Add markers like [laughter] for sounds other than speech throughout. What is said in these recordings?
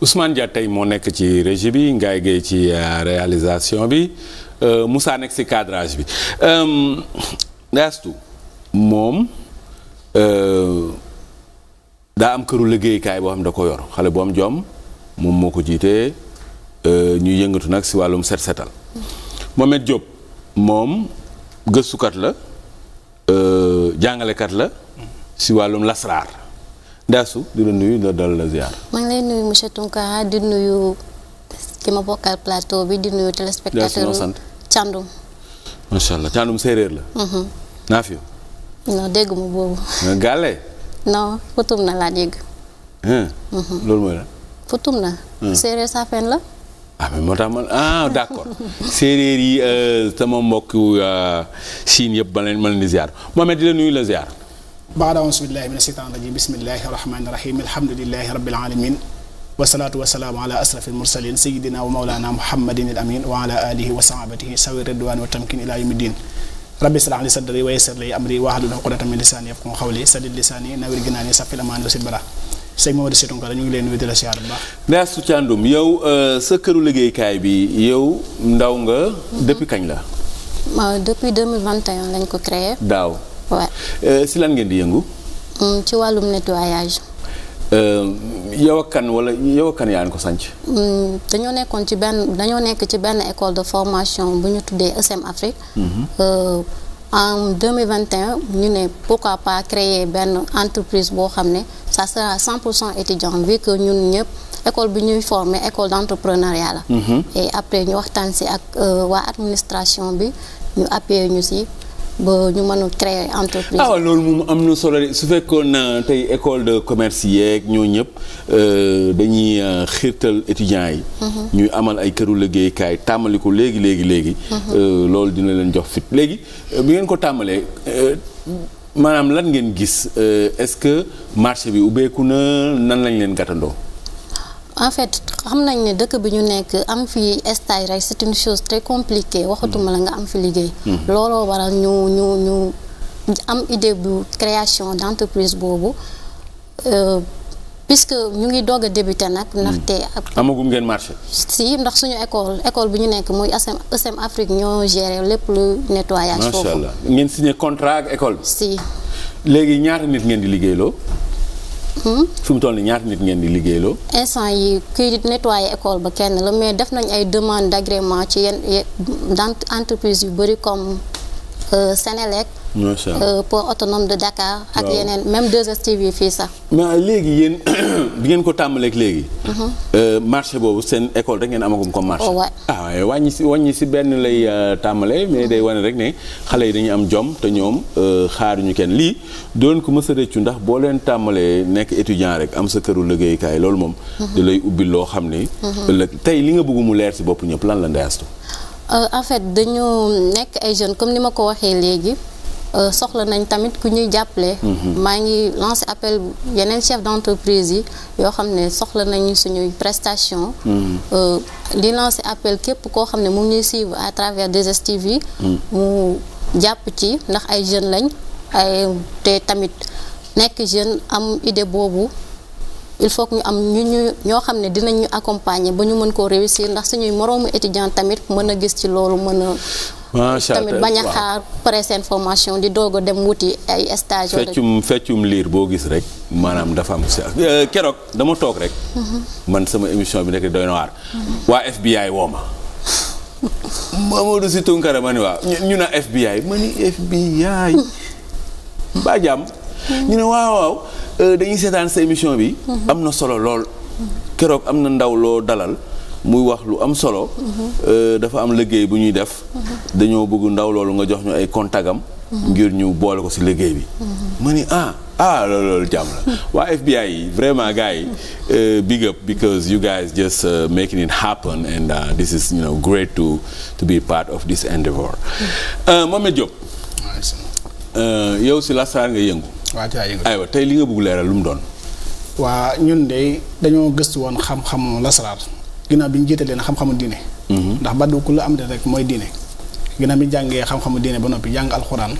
Ousmane Dia tey moo nekk ci régie bi Ngaye Gueye ci euh, réalisation bi euh, Moussa nekk ci cadrage bi euh, Ndaastu moom daa am këru liggéeykaay boo xam ne da ko yor xale boo am jom moom moo ko jiitee ñu yëngatu nag si wàllum set setal Mohamed Diop moom gëstukat la jàngalekat la si wàllum lasraar Ndaasu di la nuyu la dal la ziar. maa lay nuyu monsieur Tounkara di nuyu ki ma bokkal plateau bi di nuyu téléspectateur Thiandoum. macha allah Thiandoum séeréer la. Mm-hmm. naa fi. non dégg ma boobu. gàlle. non futum na laa dégg. Mm-hmm. loolu mooy la. futum na. séeréer saafeen la. ah moo tax man ah d'accord [laughs] séeréer yi euh, sama mbokk euh, Chine yëpp ma leen ma leen di ziar Mohamed di la nuyu la ziar. baada auzu billahi mina sheytaan rajim bismillahi rahmani rahim alhamdulilahi rabbil alamin wasalaatu wasalaamu ala asrafil mursalin sayidina wa maulana muhammadin al amin wa ala alihi wa sahabatihi sawi ridwan wa tamkin ila yawmi din rabbi israh li sadri wa yassir li amri wahlul uqdatan min lisani yafqahu qawli sadid lisani nawir ginaani safil amaan wasil bara sëñ Mamadou Sy Tounkara ñu ngi leen nuyu di la siyaar bu baax. merci Thiandoum yow euh, sa këru liggéeykaay bi yow ndaw nga. depuis mhm. kañ la. depuis 2021 lañ ko créé. daaw. waaw euh, si lan ngeen di yëngu. Mm, ci wàllum nettoyage. Euh, yow ak kan yaa ngi ko sànc. Mm, dañoo nekkoon ci benn dañoo nekk ci benn école de formation bu ñu tuddee ESM e Afrique. Mhm. Euh, en 2021 ñu ne pourquoi pas créer benn entreprise boo xam ne ça sera 100 pour cent ñun ñëpp école bi ñuy former école d' entrepreneuriat la. Mhm. et après ñu waxtaan si ak waa administration bi ñu appuyé ñu si. a créer entreprise. ah loolu moom am na solo su fekkoon euh, tey école de commerce yeeg ñoo ñëpp euh, dañuy euh, xiirtal étudiants yi. Mhm. ñuy amal ay këru liggéeykaay tàmbali ko léegi léegi léegi. Mhm. loolu dina leen jox fit léegi bi ngeen ko tàmmalee. maanaam lan ngeen gis est-ce que marché bi ubbeeku na nan lañ leen gàttandoo. en fait xam nañ ne dëkk bi ñu nekk am fi stage rek c'est une chose très compliquée waxatuma la nga am fi liggéey mm-hmm. looloo waral ñu ñu ñu am idée bu création d'entreprise boobu euh, puisque ñu ngi doog a débuté nag mm-hmm. ndaxte amagum ngeen marché si ndax suñu école école bi ñu nekk muy ESM ESM Afrique ñoo géré lépp lu nettoyage foofu macha ngeen signé contrat ak école bi si léegi ñaata nit ngeen di liggéeyloo Hmm? fi mu toll nii ñaata nit ngeen di liggéeyloo. instant yi kuy nettoyer école ba kenn la mais def nañ ay demande d' ci yenn dans entreprise yu bëri comme euh, Sénélec Euh, port autonome de Dakar. ak yeneen même 2STV fii sax. mais léegi yéen bi [coughs] ngeen ko tàmbaleeg léegi. Mhm. Euh, marché boobu seen école rek ngeen amagum comme marché. Oh, ah wàññi si wàññi si benn lay euh, tàmbalee mais day wane rek ne xale yi dañu am jom te ñoom xaaruñu kenn lii doon ko mës a rëccu ndax boo leen tàmbalee nekk étudiant rek am sa këru liggéeykaay loolu moom. Mhm. da lay ubbi loo xam ne. Mhm. ëllëg tey li nga bëgg mu leer si bopp ñëpp lan la ndeyastu. en fait dañu nekk ay jeunes comme Euh, soxla nañ tamit ku ñuy jàppale. Mhm. maa ngi lancé appel yeneen chef d'entreprise yi yoo xam ne soxla nañu suñuy prestation mhm. euh, di lancé appel képp koo xam ne mu ngi ñuy suivre à travers 2STV mhm. mu jàpp ci ndax ay jeunes lañ ay te tamit nekk jeune am idée boobu il faut que ñu am ñu ñu ñoo xam ne dinañu ñu accompagner ba ñu mën koo réussir ndax suñuy moroomu étudiant tamit mën a gis ci loolu mën a macha allah tamit bañ a xaar pare formation di doog a dem wuti ay stage feccum feccum liir boo gis rek maanaam dafa am euh, keroog dama toog rek. Mhm. man sama émission bi nekk doy mhm. waa FBI woo ma. Mamadou Sy Tounkara ma ni waa ñu na FBI ma ni FBI. mbaa [laughs] jàmm. ñu ne waaw waaw euh, dañuy seetaan sa émission bi. Mhm. am na solo lool. keroog am na ndaw loo dalal. muy wax lu am solo. Euh, dafa am liggéey bu ñuy def. dañoo bëgg ndaw loolu nga jox ñu ay kontagam. ngir ñu boole ko ci liggéey bi. ma ni ah, ah loolu loolu jàmm la waa FBI yi vraiment gars yi euh, big up because you guys just uh, making it happen and uh, this is you know great to to be part of this endeavor. Mm-hmm. Euh, Mohamed Diop. yow si lasaraan nga yëngu. aywa tey li nga bëgg leeral lu mu doon. waa ñun de dañoo gëstu woon xam-xamu lasaraar ginnaaw bi ñu jiitalee na xam-xamu diine. Mhm. ndax baddu ku la am de rek mooy diine. ginnaaw bi ñu xam-xamu diine ba noppi jàng alxuraan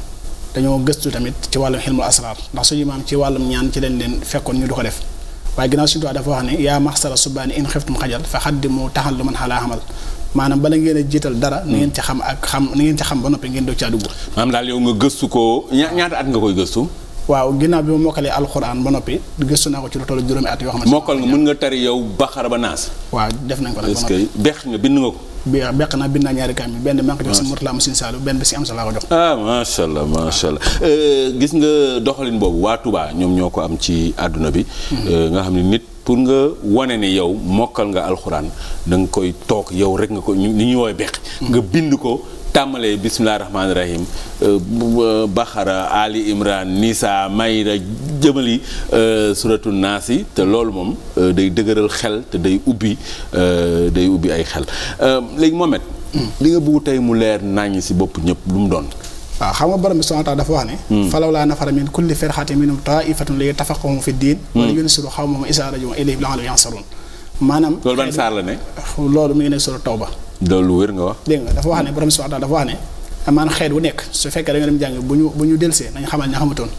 dañoo gëstu tamit ci wàllum xilmul asraar ndax suñu maam ci wàllum ñaan ci leen leen fekkoon ñu du ko def waaye ginnaaw suñu tubaab dafa wax ne yaa maxsara subaani in xiftum xajal fa xaddimu taxal lu man xalaa xamal maanaam bala ngeen a jiital dara ni ngeen ci xam ak xam ni ngeen ci xam ba noppi ngeen doog caa dugg. maanaam daal yow nga ko ñaata at nga koy gëstu waaw ginnaaw bi ma mokkalee alxuraan ba noppi gëstu naa ko ci lu toll juróomi at yoo xam ne mokkal nga mën nga tari yow baxar ba naas waaw def nañ ko nag nga bind nga ko bi beq naa bind naa ñaari kaamil benn maa ngi ko jox si Mourtala Moussine Sallou benn bi si am sa laa ko ah, macha allah macha euh, gis nga doxalin boobu waa ñoom ñoo ko am ci àdduna bi hmm. euh, nga xam ne nit pour nga wane ne yow mokkal nga alxuraan danga koy toog yow rek nga ko ni ñuy woowee beq hmm. nga bind ko tàmmalee bisimilah rahmaani rahim euh, Baxara Ali Imran Nisa Mayra jëmali euh, suratu naas yi te loolu moom euh, day dëgëral xel te day ubbi day ubbi ay xel léegi Mohamed hmm. li nga bëgg tey mu leer naññ si bopp ñëpp lu mu doon. waaw ah, xam nga borom bi subhaanahu dafa wax ne hmm. falaw laa nafara min kulli firqatin minhum taa'ifatun li yatafaqqahu fi diin wa li hmm. yunziru qawmahum izaa raja'uu ilayhim la'allahum yansaruun maanaam loolu ban saar la ne. loolu mi ngi nekk solo tawba. loolu wér nga wax. dégg nga dafa wax ne borom subhaanahu dafa wax ne. amaan xeet wu nekk su fekkee da nga dem jàng bu ñu bu ñu delsee nañ xamal ña xamatoon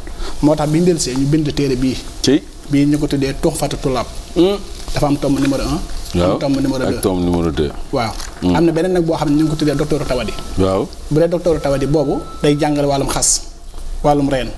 moo tax bi ñu delsee ñu bind téere bii. ci bii ñu ko tuddee Tuhfatu Tullaab. Hmm? dafa am tomb numéro un. waaw ak tomb numéro deux ak tomb numéro waaw. Hmm. am na beneen nag boo xam ne ñu ngi ko tuddee docteur Tawadi. waaw bu dee docteur Tawadi boobu day jàngale wàllum xas wàllum reen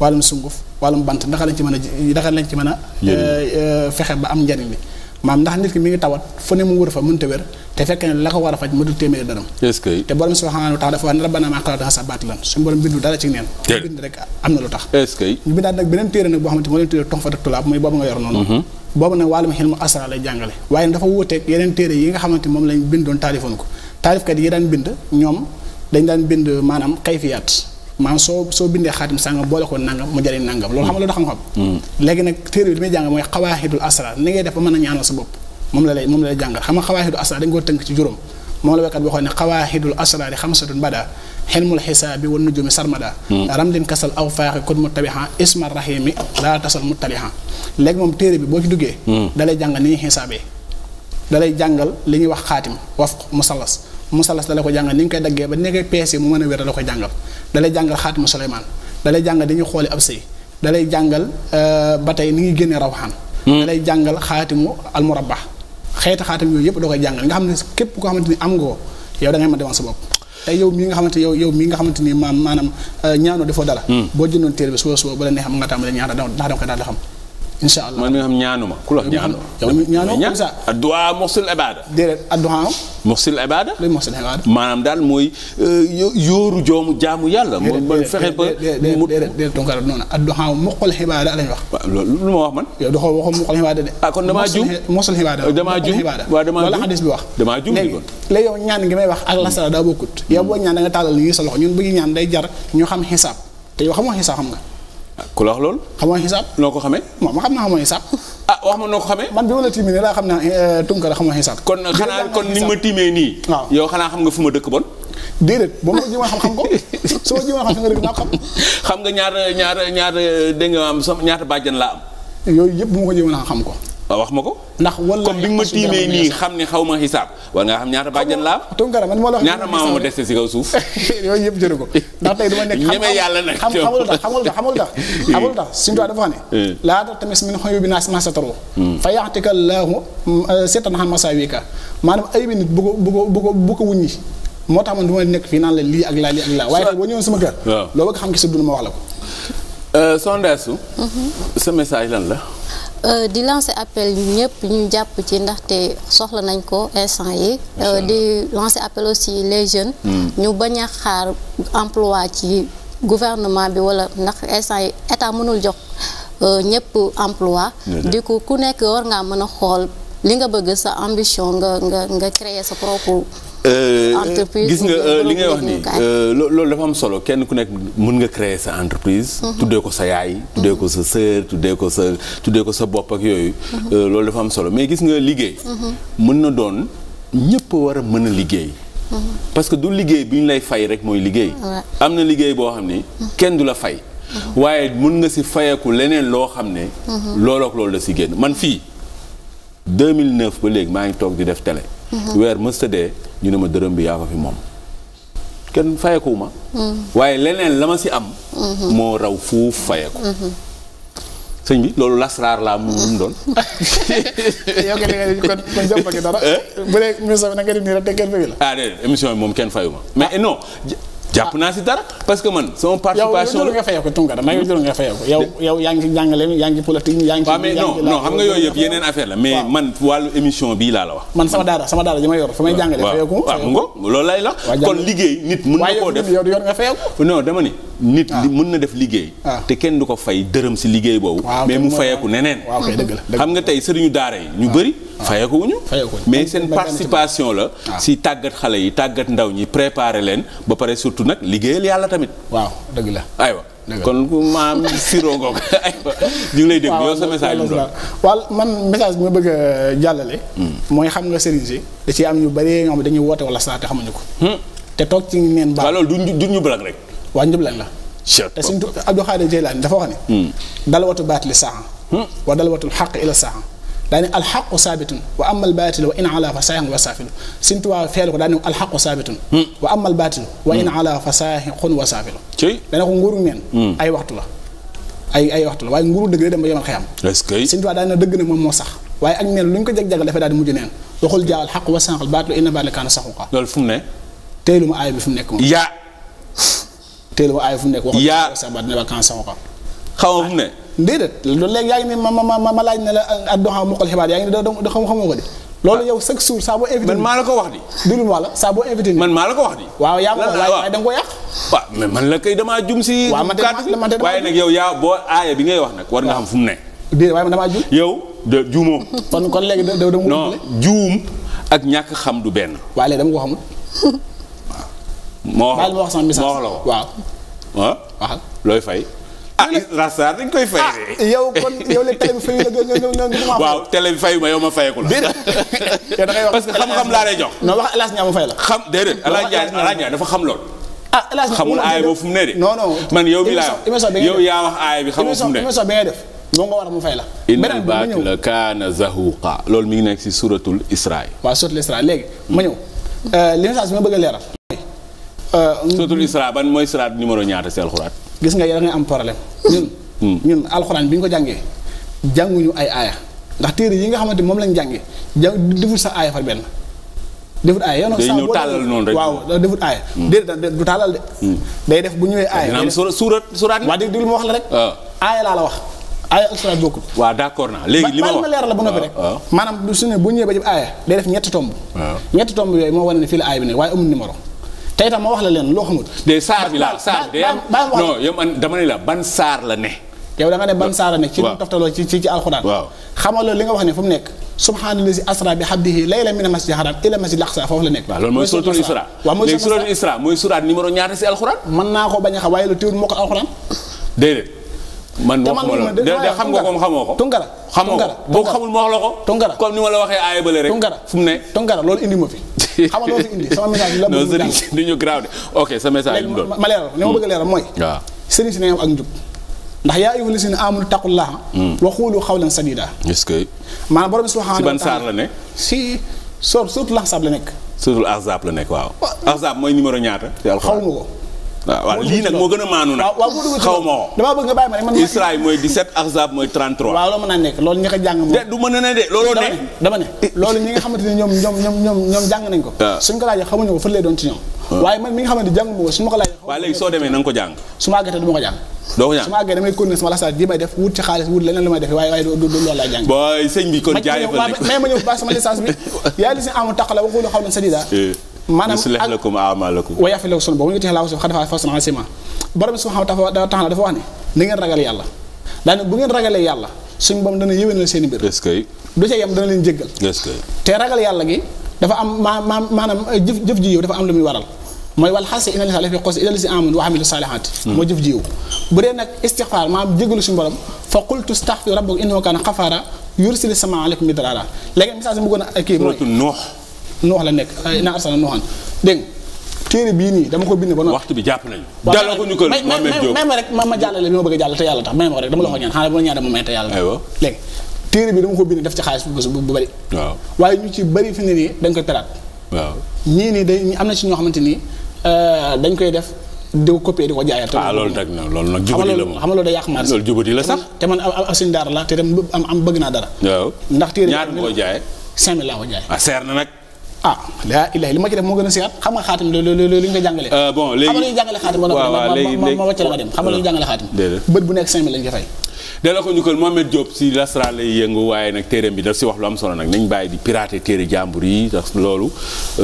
wàllum sunguf wàllum bant ndax lañ ci mën a ndax lañ ci mën a. Euh, euh, fexe ba am njariñ bi maam ndax nit ki mi ngi tawat fu ne mu wër fa mënta wér te fekk ne la ko war a faj mu dul téeméeri dërëm est-ce que te borom subhanahu wa taala dafa wax ne rabbana maa xalaqta haaza baatilan suñu borom bindu dara ci neen bind rek am na lu tax est-ce que ñu bindaat nag beneen téere nag boo xamante moo leen tuddee tox fa ak tulaab muy boobu nga yor noonu mhm. boobu nag wàllum xel mu asra lay jàngale waaye dafa wuuteeg yeneen téere yi nga xamante moom lañ bind ñoom maanaam soo soo bindee xaatim sàngam boole ko nangam mu jëriñ nangam loolu xam nga loolu xam-xam hmm. léegi nag téere bi li muy jàng mooy xawaaxidul asrar ni ngay def ba mën a ñaanal sa bopp moom la lay moom la lay jàngal xam nga xawaaxidul asrar dañ ko tënk ci juróom moom la wekkat waxoon ne xawaaxidul asraari xamsatun bada xelmul xisaabi wan nujumi sarmada hmm. ramlin kasal aw faaxi kon mu tabixa isma rahimi laa tasal mu tabixa léegi moom téere bi boo ci duggee hmm. dalay jàngal ni ñuy xisaabee dalay jàngal li ñuy wax xaatim waf musallas musalas da la ko jàngal ni nga koy daggee ba ni ngay peese mu mën a wér da la koy jàngal dalay jàngal xaatimu Suleymaan dalay jàngal dañuy xooli ab sëy dalay jàngal euh, ba tey ni ngi génnee rawxaan hmm. dalay jàngal xaatimu almurabba xeeti xaatim yooyu yëpp da koy jàngal nga xam ne képp koo xamante ni am ngoo yow da ngay mën demal sa bopp tey yow mii nga xamante yow yow mii nga xamante ni maam maanaam euh, ñaanoo defoo dala hmm. boo jëndoon téere bi suba suba ba la neexam nga tàmbali ñaata ndax danga koy daal di xam incha allah man mi nga xam ñaanuma ku la ñaanu. yow ñaanoo comme ça addu'a moxsil ibada. déedéet addu'a. moxsil ibada. luy moxsil ibada. maanaam daal mooy euh, fexe ba mu déedéet déedéet Tounkara noonu addu'a moxsil ibada lañ wax. waaw loolu lu ma wax yow ah, kon damaa juum moxsil ibada damaa wax. damaa juum léegi léegi yow ñaan gi may wax ak la sala daa bokkut. yow boo ñaan da nga tàllal nii sa loxo ñun bu ñaan day jar ñu xam xisaab te yow xamoo xisaab xam nga ku la wax loolu. xamoo xisaab. noo ko xamee. moom ma xam naa xamoo xisaab. ah wax ma noo ko xamee. man bi ma la tiimee laa xam ne eh, Tunkara xamoo xisaab. kon xanaa kon ni ma tiime nii. waaw yow xanaa xam nga fu ma dëkk bon. déedéet ba ma jiwoon xam-xam ko [laughs] soo jiwoon xam-xam rek naa xam. xam nga ñaar ñaar ñaar dégg am sama ñaata bàjjan laa am. yooyu yëpp bu ma ko naa xam ko. Ah, wax ma ko. ndax wallaahi comme bi nga ma tiimee nii xam ne xaw ma xisaab war nga xam ñaata bàjjan laa. Tounkara man moo la wax ñaata ma dese si kaw [laughs] yëpp jëru ko tey dama nekk. ñeme yàlla nag xam xamul tax xamul tax xamul tax. [laughs] xamul tax suñu toog dafa xam ne. si ma sataroo. fa yaxtika eh, maanaam ay bi bu ko bu ko ko bu ko wuññi moo tax man du ma nekk fii naan la lii ak laa lii ak laa waaye tey boo ñëwoon sama kër. sa dund ma wax la ko. Eh, sondage su. Mhm. sa message lan la Euh, di lancer appel ñëpp ñu jàpp ci ndaxte soxla nañ ko instant yi euh, di lancer appel aussi les jeunes hmm. ñu bañ a xaar emploi ci gouvernement bi wala ndax instant yi état mënul jox euh, ñëpp emploi di ko ku nekk war ngaa mën a xool li nga bëgg sa ambition nga nga nga créer sa propre Euh, gis nga euh, li ngay wax nii euh, loolu dafa am solo kenn ku nekk mën nga créer sa entreprise. Mhm. tuddee ko sa yaay. tuddee ko sa sœur tuddee ko sa tuddee ko sa bopp ak yooyu. Mhm. loolu dafa am solo mais gis nga liggéey. mun mhm. na doon ñëpp war a mën a liggéey. parce que du liggéey bi ñu lay fay rek mooy liggéey. am na liggéey boo xam ni. kenn du la fay. waaye mën nga si fayeku leneen loo xam ne. looloo loolu la si génn man fii 2009 ba léegi maa ngi toog di def télé. weer mësta dee. ñu ne ma dërëm bi yaa ko fi moom kenn fayeku ma waaye leneen la ma si am moo raw fuuf fayeku sëñ bi loolu lasraar laa mu mu doon [laughs] yow nga léegi eh? bu dee émission bi na nga def nii rek te kenn fayu la ah déedéet émission moom kenn fayu ma mais eh, non jàpp naa si dara parce que man. sama participation yow nga fayoo ko Tounkara maa ngi jëloon nga fayoo ko yow yow yaa la yor fa may jàngale. fayoo ko waaw mu ngo loolu lay na def yow yor nga fayoo ko. non dama ni. nit ah. mën na def liggéey. Ah. te kenn du ko fay dërëm si liggéey boobu. mais mu fayeeku neneen. xam nga tey sëriñu daara yi ñu ah. bëri ko fayakuwuñu mais seen participation la si ah. tàggat xale yi tàggat ndaw ñi préparer leen ba pare surtout nag liggéeyal yàlla tamit waaw dëgg la aywa kon maam siroo ngoog [laughs] aywa ñu ngi lay dégg yow sa message bi doon man message bi ma bëgg a hmm. mooy xam nga sëriñ da ci am ñu bari ñoo dañu dañuy woote wala saa te xamuñu ko hmm. te toog ci neen baax loolu du ñu rek waa njublan la te suñ Abdou Khadir Jeylaani dafa wax ne hmm. dala watu baat li saaxan wa dala watul xaq ila saaxan daane alxaqu saabitun wa amal baatilu wa in ala fa saaxin wa saafilu Sëñ hmm. wa amal baatilu wa in hmm. ala fa wa saafilu dana ko nguuru neen hmm. ay waxtu la ay ay waxtu la waaye nguuru dëgg la dem ba yomal xeyam Sëñ daana daane dëgg nag moom moo sax waaye ak neen lu ñu ko jag-jagal dafay daal di mujj neen waxul jaawal xaq wa sànqal baatilu inna baatila kaana saxuqa loolu fu mu teelu ma aaya bi mu nekk moom yaa teelu ma aaya fu mu nekk waxul jaawal xaq wa sànqal baatilu inna baatila kaana saxuqa xaw ne déedéet loolu léegi yaa ngi ni ma ma ma ma laaj na la ak doxam mu xool xibaar yaa ngi ni da xam xamoo ko de loolu yow chaque jour saa boo invité man maa la ko wax di déglu ma la saa boo ko wax di waaw yaa ko waaye da nga ko yàq waaw mais la kay damaa jum si kàddu waaye nag yow yaa aaya bi ngay wax nag war nga xam fu mu ne déedéet waaye damaa jum yow de juumoo [laughs] kon kon léegi da da non juum ak ñàkk xam du benn waaye léegi dama ko xamul waaw moo wax moo wax ah? looy fay ah dañ koy fay de. Ah, yow kon yow léegi télé bi fayu la waaw télé bi fayu ma yow ma fayeku la. déedéet te [laughs] da wax parce que xam-xam laa lay jox. non wax El Hadj Ndiaye ma fay la. xam déedéet El Hadj Ndiaye dafa xam lool. ah El xamul aay boobu fu ne de. non man yow mi laa yow bi xamul def moo nga war a mu fay la. beneen bi ma kaana zahuuqa loolu mi ngi nekk si suratul Israa. waaw suratul léegi ma ñëw euh, li bi ma bëgg a leeral. suratul Israa ban mooy suraat numéro ñaata si gis nga da ngay am problème ñun hmm. ñun alxuraan bi ñu ko jàngee jàngu jànguñu ay aaya ndax téere yi nga xamante moom lañu jàngee ja deful sax aaya far benn defut aaya yow nag sax boo tàllal noonu rek waaw defut aaya hmm. de hmm. day def bu ñëwee aaya dina am surat surat waaw ma wax la rek ah. aaya laa la wax aaya ak surat bokkul waaw d'accord naa léegi li ma wax ma leeral la ba noppi rek ah, ah. maanaam du su ne bu ñëwee ba jëm aaya day def ñetti tomb ñetti tomb yooyu moo wane fii la aaya bi ne waaye amul numéro tey itam ma wax la leen loo xamut. de saar bi la saar bi non yow man dama ne la ban saar la ne. yow da nga ne ban saar la ne. ci lu toftaloo ci ci alxuraan. xamal loolu li nga wax ne fu mu nekk. subhaanallazi asra bi abdihi laylan minal masjidil haraam ilal masjidil aqsaa foofu la nekk. waaw loolu mooy suratul isra waaw mooy suratul mooy suraat numéro ñaata si alxuraan. mën naa ko bañ a xam waaye lu teewul moo alxuraan man waxuma la de xam nga ko xamoo ko. Tunkara xamoo ko boo xamul ma wax la ko. Tunkara comme ni ma la waxee aaya bële rek. Tunkara fu mu ne. Tunkara loolu indi ma fi. [laughs] xam nga loolu fi indi sama message la. non sëriñ du ma bëgg a leeral mooy. waaw sëriñ si ne am ak njub. ndax yaa ayyuhal lazina aamanu taqullaaha. Hmm. wa quulu qawlan sadiida. est-ce que. maanaam borom subhaanahu wa taala saar la ne. si sor suuratul ahzaab la nekk. suuratul ahzaab la nekk waaw. ahzaab mooy numéro ñaata. xaw ma ko waaw lii nag moo gën a maanu nag. waaw xaw ma woo. damaa bëgg nga bàyyi ma rek man. Israël mooy 17 Ahzab mooy naa ko jàng moom. ne de looloo ne. dama ne loolu ñi nga ne ñoom ñoom ma ko suñ du ma ko jàng. su ma àggee damay continuer sama sama licence bi [laughs] yaa li si amul taq la waxulu xaw na sa maanaam yuslih lakum a'maalakum wa yaghfir lakum zunuubakum wa man yuti llaaha wa dafa wax ne na ngeen ragal yàlla daane bu ngeen ragalee yàlla suñu borom dana yéwénal seen i mbir du ca yem dana leen jéggal te ragal yàlla gi dafa am maanaam eh, jëf ji yow dafa am lu muy waral mooy wal xase inna lillahi fi qawsi illa lasi amanu moo jëf jiw bu dee nag istixfaar maanaam jégalu suñu borom fa qultu staxfir rabbak innahu kaana xafaara yursili sama aleykum midraara léegi message bi a noox la nekk naa arsana nooxaan dégg téere bii nii dama ko bind ba noonu waxtu bi jàpp nañu jàllal ko ñu ko may ma rek ma ma jàllale bi ma te yàlla tax may ma ko rek dama la ko ñaan xaaral bu la te dama ko bind def ci xaalis bu bu bëri waaw waaye ñu ci bëri fi ne nii dañ koy peraat waaw ñii nii am na ci ñoo xamante nii euh, dañ koy def di ko copier di ko jaayal. ah loolu nag loolu nag jubati la moom xam nga loolu day yàq te man ab suñu daara am bëgg naa dara. waaw ndax téere ñaar nga ko jaayee. 5000 laa ko jaayee. Ah, seer na nag. ah laa ilaahi li ma ci def moo gën a siyaat xam nga xaatim lu lu lu ko jàngale euh, bon léegi xam nga lu jàngale xaatim xam nga lu ñu jàngale xaatim bët bu nekk cinq mille lañ ko ko njukkal Mohamed Diop si lasra lay yëngu waaye nag téeréem bi daf si wax lu am solo nag nañ bàyyi di pirater téere jàmbur yi ndax loolu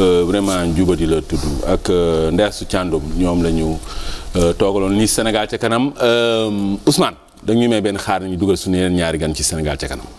euh, vraiment njubadi la tudd ak euh, ndeesu càndoom ñoom la ñu toogaloon ni Sénégal ca kanam Ousmane dañuy may benn xaar nañu dugal su yeneen ñaari gan ci Sénégal ca kanam